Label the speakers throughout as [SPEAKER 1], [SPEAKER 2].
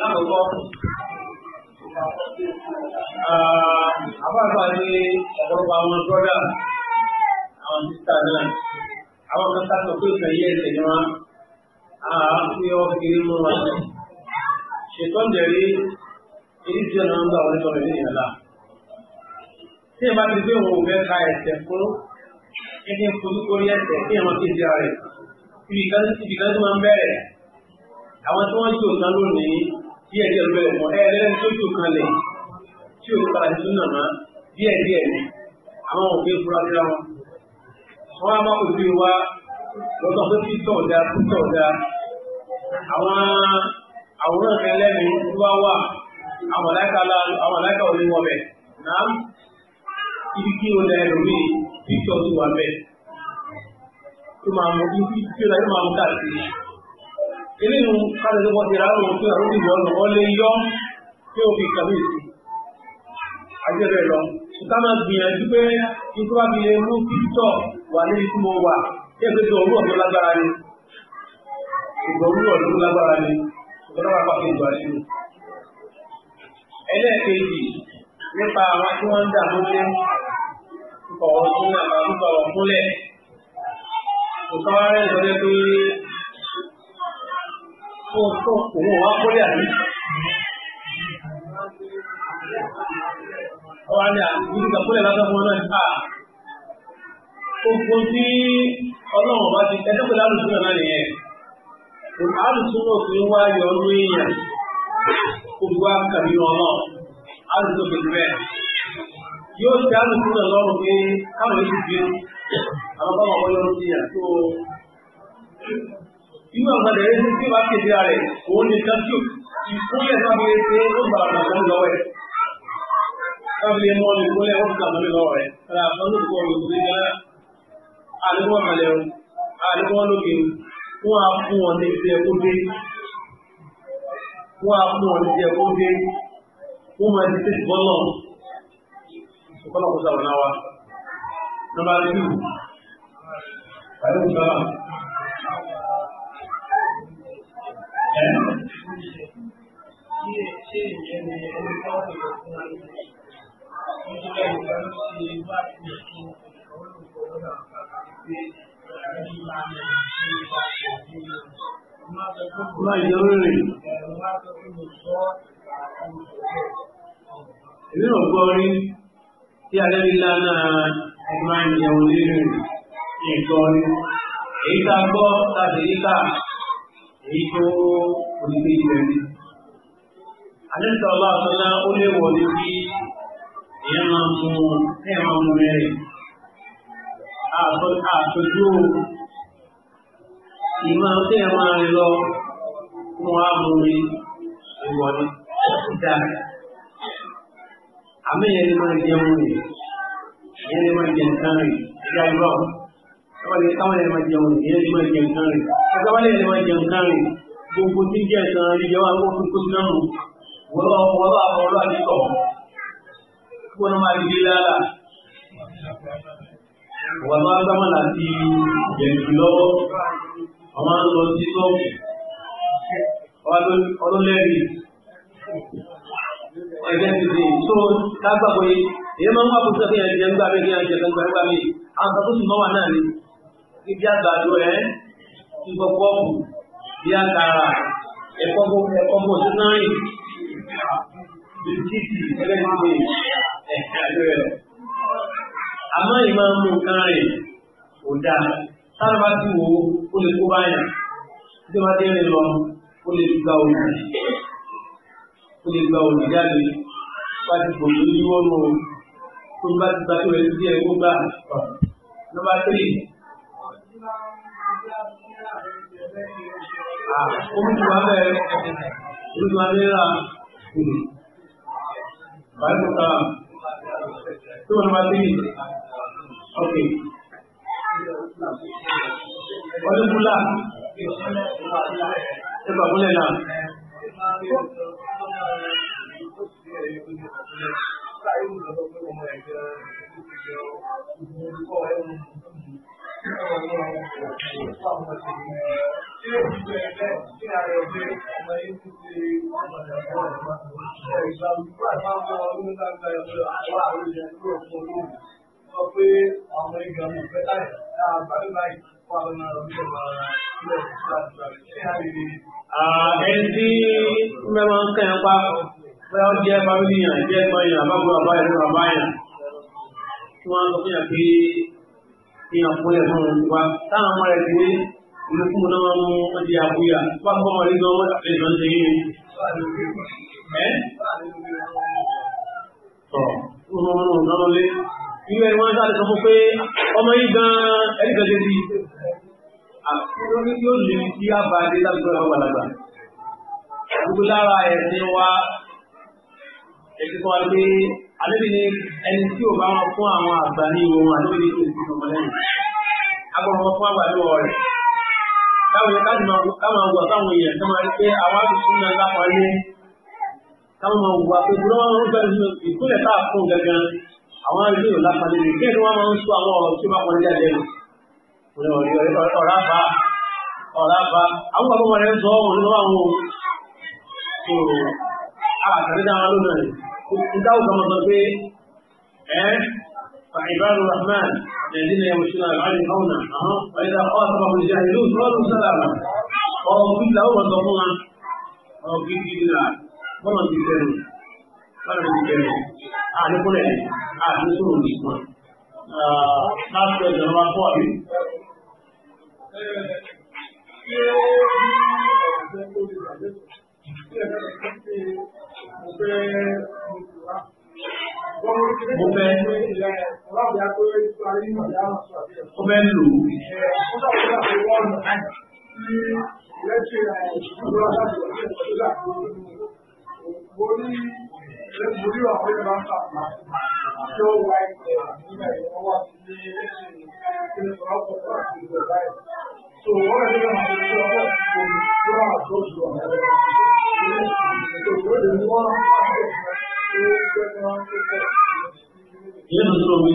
[SPEAKER 1] lákòókò àbáfà ní ọ̀pọ̀lọpọ̀ àwọn brọ́dà àwọn sísá náà àwọn kan sá sọ pé ìfẹ̀yẹ ẹ̀sẹ̀ ni wọn àáfi ọkiri mú wọn ṣètò ìdẹ̀rí èyí tí ọ̀nà ń gbà wọlé tọ̀rọ̀ ní ìyàlá tí ìbá ti gbé òun fẹ́ ka ẹ̀sẹ̀ fún ẹni fojú kórí ẹ̀sẹ̀ kí ẹ̀wọ̀n ti di ara rẹ̀ ibi kan tó máa ń bẹ̀rẹ̀ àwọn tí wọ́n jò nǹkan lónìí díẹ̀ díẹ̀ bẹ̀rẹ̀ mọ́ ẹ̀ẹ́dẹ́rẹ́ tó jò kan lẹ̀ tí ò padà sí súnà mọ́ díẹ̀ díẹ̀ ni àwọn òfin fúra síra wọn. wọ́n á máa òfin wa lọ́tọ̀ tó ti tọ̀ da tó tọ̀ da àwọn àwòrán kan lẹ́nu tó bá wà àwọn àláìka òní wọn bẹ̀ náà ibi kí o da ẹlòmíì píktọ̀ tó wà bẹ̀ tó máa mú ibi tí ó da ilé nu káàdì tó bọ́ ti rà lóhun pé àrùn ìyọ́ lọ wọ́n lé yọ́ tí ó fi kàwé sí àjẹbẹ lọ ṣùgbọ́n máa gbìyànjú pé ikú bá fi lè mú títọ̀ wà níbi tí mo wà kí ẹgbẹ́ tó orú ọ̀dún lágbára ni ṣùgbọ́n orú ọ̀dún lágbára ni ṣùgbọ́n máa pàṣẹ ìgbà sí i. ẹlẹ́ẹ̀kejì nípa àwọn tí wọ́n ń dà lóde ọ̀rọ̀ fún àbábúkọ̀ ọ̀rọ̀ fúnlẹ̀ nǹkan wá rẹ̀ sọ pé fún ogun tí ọlọ́run bá ti ẹ̀dẹ́gbẹ̀lá àlùsùn náà nìyẹn àlùsùn náà fi wá yọ ọdún èèyàn olùwà kàbí ọlọ́ àlùsùn pẹ̀lú rẹ̀ yóò ṣe àlùsùn náà lọ́rùn pé káwọn èsì bí àwọn bá wọn wọlé ọdún èèyàn tó inú àwọn ọmọdé rẹ tí ó bá kéde rẹ òun ní kájú ìkúnlẹ̀ náà fi lè ṣe ó gbà ọ̀nà tó ń lọ́wọ́ ẹ̀ káfí lè mọ ọ̀nà ìkúnlẹ̀ ó gbà mọ́lẹ̀ lọ́wọ́ rẹ̀ rà àwọn olùkọ́ olùkọ́ ìgbà àdúgbò àmàlẹ̀ o àdúgbò lóge wọn á fún ọ ní ìṣe ẹkọ dé wọn á fún ọ ní ìṣe ẹkọ dé wọn máa ti tẹsí ဒီလိုပေါ်ရင်တရားလေးလာနာအမှန်ယုံလေးတွေဒီပေါ်ရင်ဧကကောသတိက èyíkó onígbé ilẹ̀ ní. Àdẹ́sọ̀ ọba àtọ́lá ó lè wọ̀ ní bí èèyàn máa mú èèyàn máa mú mẹ́rin. Àtọ́jú ìmọ̀ tí èèyàn máa rìn lọ fún wa mú mi ìwọ̀ ní ìdá. Àmì yẹn ni máa jẹun rè, ìyẹn ni máa jẹ nǹkan rè, ìdá ìrọ̀. Táwọn yẹn máa jẹun rè, ìyẹn ni máa jẹ nǹkan rè. àgbáwálẹ̀ lè máa jẹun kárin gbogbo tí jẹ́ ìtàn ìjọba àwọn òfin kó sínú nù wọ́lọ́ wọ́lọ́ àwọn ọlọ́ àdìsọ̀ gbogbo náà máa dìde lára wà máa gbámọ̀ láti jẹ̀lú lọ́wọ́ ọmọ ń lọ sí sọ́ọ̀kì ọlọ́lẹ́rìí ẹgbẹ́ ti di tó dágbàgbọ́ yìí èyí máa ń wá kóso kí ẹ jẹ nígbà mi kí ẹ jẹ nígbà mi àwọn kan tó sì mọ́ wà náà ni ibi àgbàdo ẹ̀ ìgbọ̀ pọ́ọ̀pù bí àkàrà ẹ̀kọ́ bò sí náà yìí bìtìtì ẹlẹ́gbẹ̀ẹ́ ẹ̀ka rẹ̀ lọ. àmọ́ ìmọ̀ mú nǹkan rẹ̀ kò dáa sáà bá ti wò ó lè kó báyà tí wọ́n dé rìn lọ ó lè gba òdì ó lè gba òdì jáde bá ti bò lórí wọn o tó bá ti gbà tó rẹ̀ sí ẹ̀ ó nọ́mbà tírì. Kumtu wale kumtu wale la baru ta tu mati okey boleh pula sebab boleh lah Thank you. pé àwọn ìgbà mi ìfẹ́ láì dáa gbàgbé báyìí fún àwọn ọmọ orí ọba ilẹ̀ ìgbà ṣé a lè rí. ẹni tí mẹ́wàá ń kẹ́yìn pa bóyá ó jẹ́ bábílì yàn jẹ́ ẹ̀gbọ́n yàn àbábọ̀ bàbá yàn ló bàbá yàn tí wọ́n á sọ fún yàn pé èèyàn fún ẹ̀ fún wa táwọn ọmọ rẹ̀ ti ní ìlú fún náà mú ọdí àbúyà wá gbọ́ ọmọ nígbà wọn àlejò ń tẹ̀yìn ẹ̀ tọ́ ó rọrùn lọ́lọ́lé irú ẹni wọ́n sáré sọ fún pé ọmọ yìí gan-an ẹni kan ṣe sí àkúrò yóò lè fi àbá dé lábúgbò ẹ̀fọ́ balàgbà gbogbo lára ẹ̀sìn wa ẹ̀sìn kan wá pé àlébi ni ẹni tí ò bá wọn fún àwọn àgbà ní ìwọ̀n àlébi ni kò sí ọmọ lẹ́yìn agbọ̀n wọn fún àgbà ní wọ̀ rẹ̀ káwọn yẹn káàdì máa wù àtàwọn èèyàn tó máa rí pé àwọn àtúntò náà lápá yẹn káwọn máa wù àpéjù lọ́wọ́ wọn fẹ́ẹ́ ìpínlẹ̀ tá a fún gangan àwọn ilé ìlú lápàdé rẹ̀ kí ẹni wọ́n máa ń sọ àwọn ọ̀rọ̀ tí ó bá pọ̀ níjà lẹ́nu ọ̀rá bá ọ̀rá bá àwọn bàbá wọn rẹ̀ ń sọ ọ̀rọ̀ nínú àwọn òòrùn àtàrídà wọn lónà rẹ̀ nígbà ó kàn sọ pé ẹ́ فعباد الرحمن الذين يمشون على العلم هونا وإذا خاطبهم الجاهلون قالوا سلاما قالوا كل هو ظنونا قالوا كل كل وما تكلموا ولا تكلموا အာလည်းကိုလည်းအာဒီစုလို့ဒီစုအာသတ်ကဇနဝါပေါ်ပြီဘုမဲဘုမဲလူလက်ချေရဘုရားဘုရား Murió a ver más a Yo voy a mira y no voy a decir que no trabajo para que lo vea. So ahora yo no sé cómo con la cosa. Yo voy de nuevo a ये दूसरों में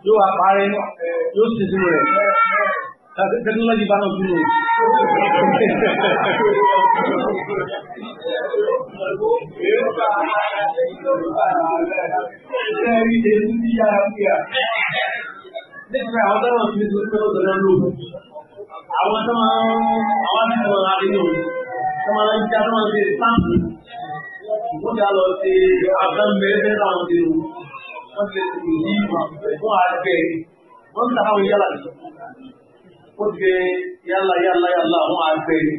[SPEAKER 1] जो आप आ रहे हैं जो सिद्धू है technology ba no kulo Dari dulu dia dia. Dia kalau ada orang itu kalau dengan lu. Awak sama awak sama hari itu. Sama lagi cara masih sama. Mau kalau si akan beda orang itu. Masih tinggi mah. Mau ada. Mau tahu jalan. ó ti gbé yálà yálà yálà àwọn àgbẹ̀ ni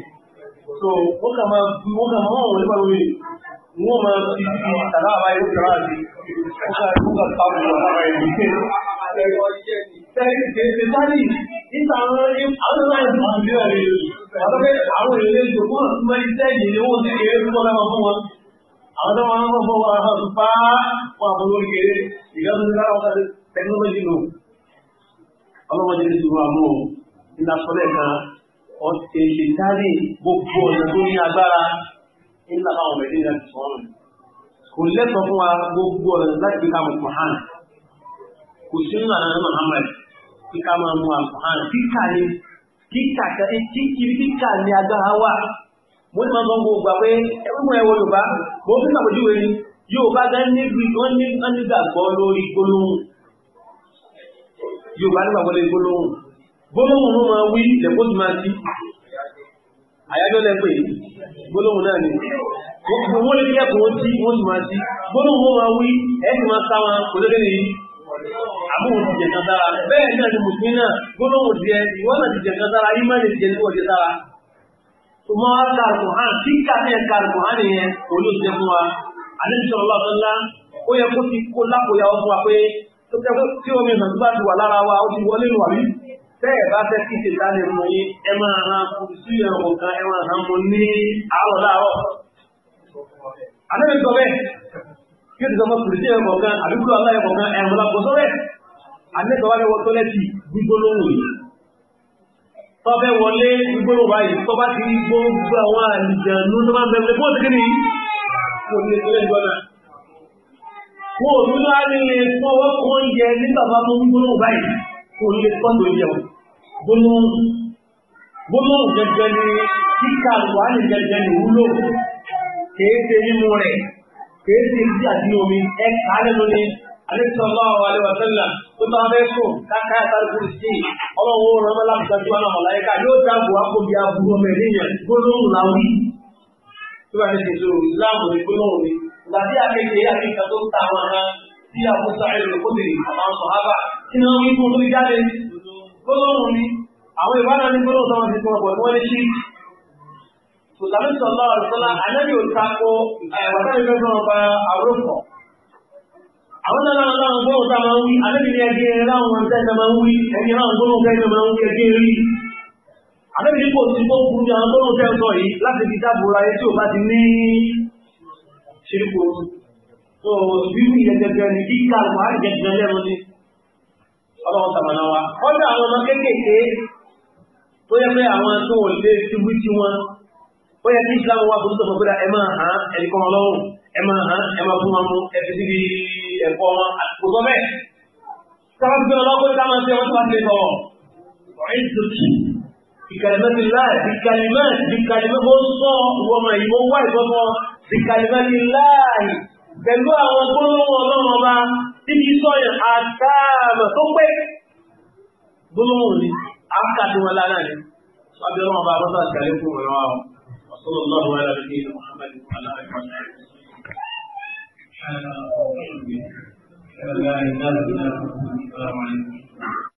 [SPEAKER 1] so wọ́n kà máa fi wọ́n kà máa wọ́n nípa lórí wọ́n máa fi fi tàbá àbáyé tàbá àti wọ́n kà wọ́n kà tàbá àbúrò àbáyé ni. Tẹ̀lé tẹ̀lé sáré níta àwọn àwọn náà ń bọ̀ rẹ̀ àtọ́kẹ́ àwọn èlé ìjòkó náà tún máa ń tẹ̀lé ní wọ́n ti kéré tó tọ́lá máa fún wọn. Àwọn tó máa ń fọ́ wọn àwọn àtúpá wọn àwọn olórí kéré ìgbà tó ti lára wọn kà tẹkinọ́lọ́jì nù. Ọlọ́mọdé ti wà mú o iná sọlẹ̀ kan ọ̀sẹ̀ lè dárè gbogbo ọ̀nà tó ní agbára ńlá báwọn ọmọ ẹ̀dínlẹ̀ ti sọ̀rọ̀ kò lẹ́tọ̀ọ́ fún wa gbogbo ọ̀nà láti fi ká kùhán kò sí nínú àná Muhammad fi ká máa àkùhán kíkà ni kíkà kíkiri kíkà ni agbára wà mo ní máa sọ gbogbo àpé ẹgbẹ́gbọ́n ẹwọ Yorùbá mo fi ṣàpèjúwe ni Yorùbá gan níbi wọ́n ní gbàgbọ́ lórí gbólóhùn Yorùbá nígbàgbọ́ lórí gbólóhùn gbólóhùn ló máa wí lẹ́kọ́ tó máa sí àyájọ́ lẹ́pẹ́ gbólóhùn náà ni wọ́n lè kẹ́kọ̀ọ́ tí wọ́n ti máa sí gbólóhùn ló máa wí ẹ̀sìn máa sá wọn kò lókè nìyí àbúrò ti jẹ̀ kan bẹ́ẹ̀ náà ni mùsùlùmí náà gbólóhùn ti ẹ̀ ìwọ́n náà ti jẹ̀ kan sára yí máa jẹ̀ níwọ̀n jẹ̀ sára bẹ́ẹ̀ bá fẹ́ kí ṣe dálé mọ yín ẹ máa ran kùsù yẹn kò kan ẹ máa ran mọ ní àárọ̀ láàárọ̀. Àdébí sọ bẹ́ẹ̀ kí o ti sọ fún kùsù yẹn kò kan àbí kúrò aláyẹ kò kan ẹ̀rùn lápò sọ bẹ́ẹ̀. Àdébí sọ wá fẹ́ wọ tọ́lẹ́tì gbígbónáwò yìí. Tọ́ fẹ́ wọlé gbígbónáwò báyìí tọ́ bá ti gbogbo àwọn àlìjànú tó bá ń bẹ̀rẹ̀ bó ti ni kò ní ìtọ́lẹ̀ gbọ́dọ̀. kò ní gbólóhùn gbólóhùn gẹ́gẹ́ ní kíkà wàhálì gẹ́gẹ́ ní wúlò kìí ṣe nínú rẹ̀ kìí ṣe ìdí àti omi ẹ̀ka lẹ́nu ni alẹ́sọ̀lá wa alẹ́wàsẹ́là tó bá fẹ́ sùn káká àtàlùkù sí ọlọ́wọ́ rẹ̀ lápùtàjú àwọn ọ̀láyíká yóò dáàbò àkóbi àbúrò ọmọ ènìyàn gbólóhùn láwí tó bá fẹ́ ṣe ìsìláàmù ní gbólóhùn ni ìgbà tí akéde àbíkà ń ta àwọn ará bí àbúsá ẹ̀rọ kó gbólóhùn ni àwọn ìbára ní gbólóhùn tó wọn ti fún ọgbọ̀n wọn ní sí. sùtàmì sọlá ọ̀sọ́lá ànábì ò takò ẹ̀wọ̀n eh, ìfẹ́ fún ọba àwòrán àwọn náà náà náà gbọ́dọ̀ tá a máa ń wí ànábì ní ẹgbẹ́ ráwọn ọ̀sẹ̀ náà máa ń wí ẹgbẹ́ ráwọn gbólóhùn fẹ́ náà máa ń wí ẹgbẹ́ rí àbẹ́bí ní kò sí tó burú ní àwọn gbólóhùn fẹ́ sọ yìí láti fi dáàbò ra ẹ tí ò bá ti ní ṣe kò tó bí wí ẹgbẹgbẹ ní kíkà àgbà ọlọ́run sàmànà wa kọ́dà àwọn ọmọ kéékèèké tó yẹ pé àwọn tó ò lé síbú tí wọn ó yẹ kí islam wà fún sọfọ gbọdọ ẹ máa hàn ẹni kan ọlọ́run ẹ máa hàn ẹ máa fún wọn mú ẹ fi síbi ẹ̀kọ́ wọn àtìkò sọ bẹ́ẹ̀ sábà gbé ọlọ́kọ́ tí a ń ṣe wọn tó bá ti lè sọ̀rọ̀ ọ̀rẹ́ ìtòkì ìkàlìmẹ́tì láì ìkàlìmẹ́tì ìkàlìmẹ́ pẹ̀lú àwọn gbólóhùn ọlọ́run ọba níbi sọ́yàn àtààmà tó pé gbólóhùn ni àkàtì wọn lára ni sábẹ́ ọlọ́run ọba àbọ́sà ìkàlẹ́ fún ìrọ̀ àwọn ọ̀sán ọlọ́run ẹ̀rọ ní ìlú muhammadu aláàbí Thank you.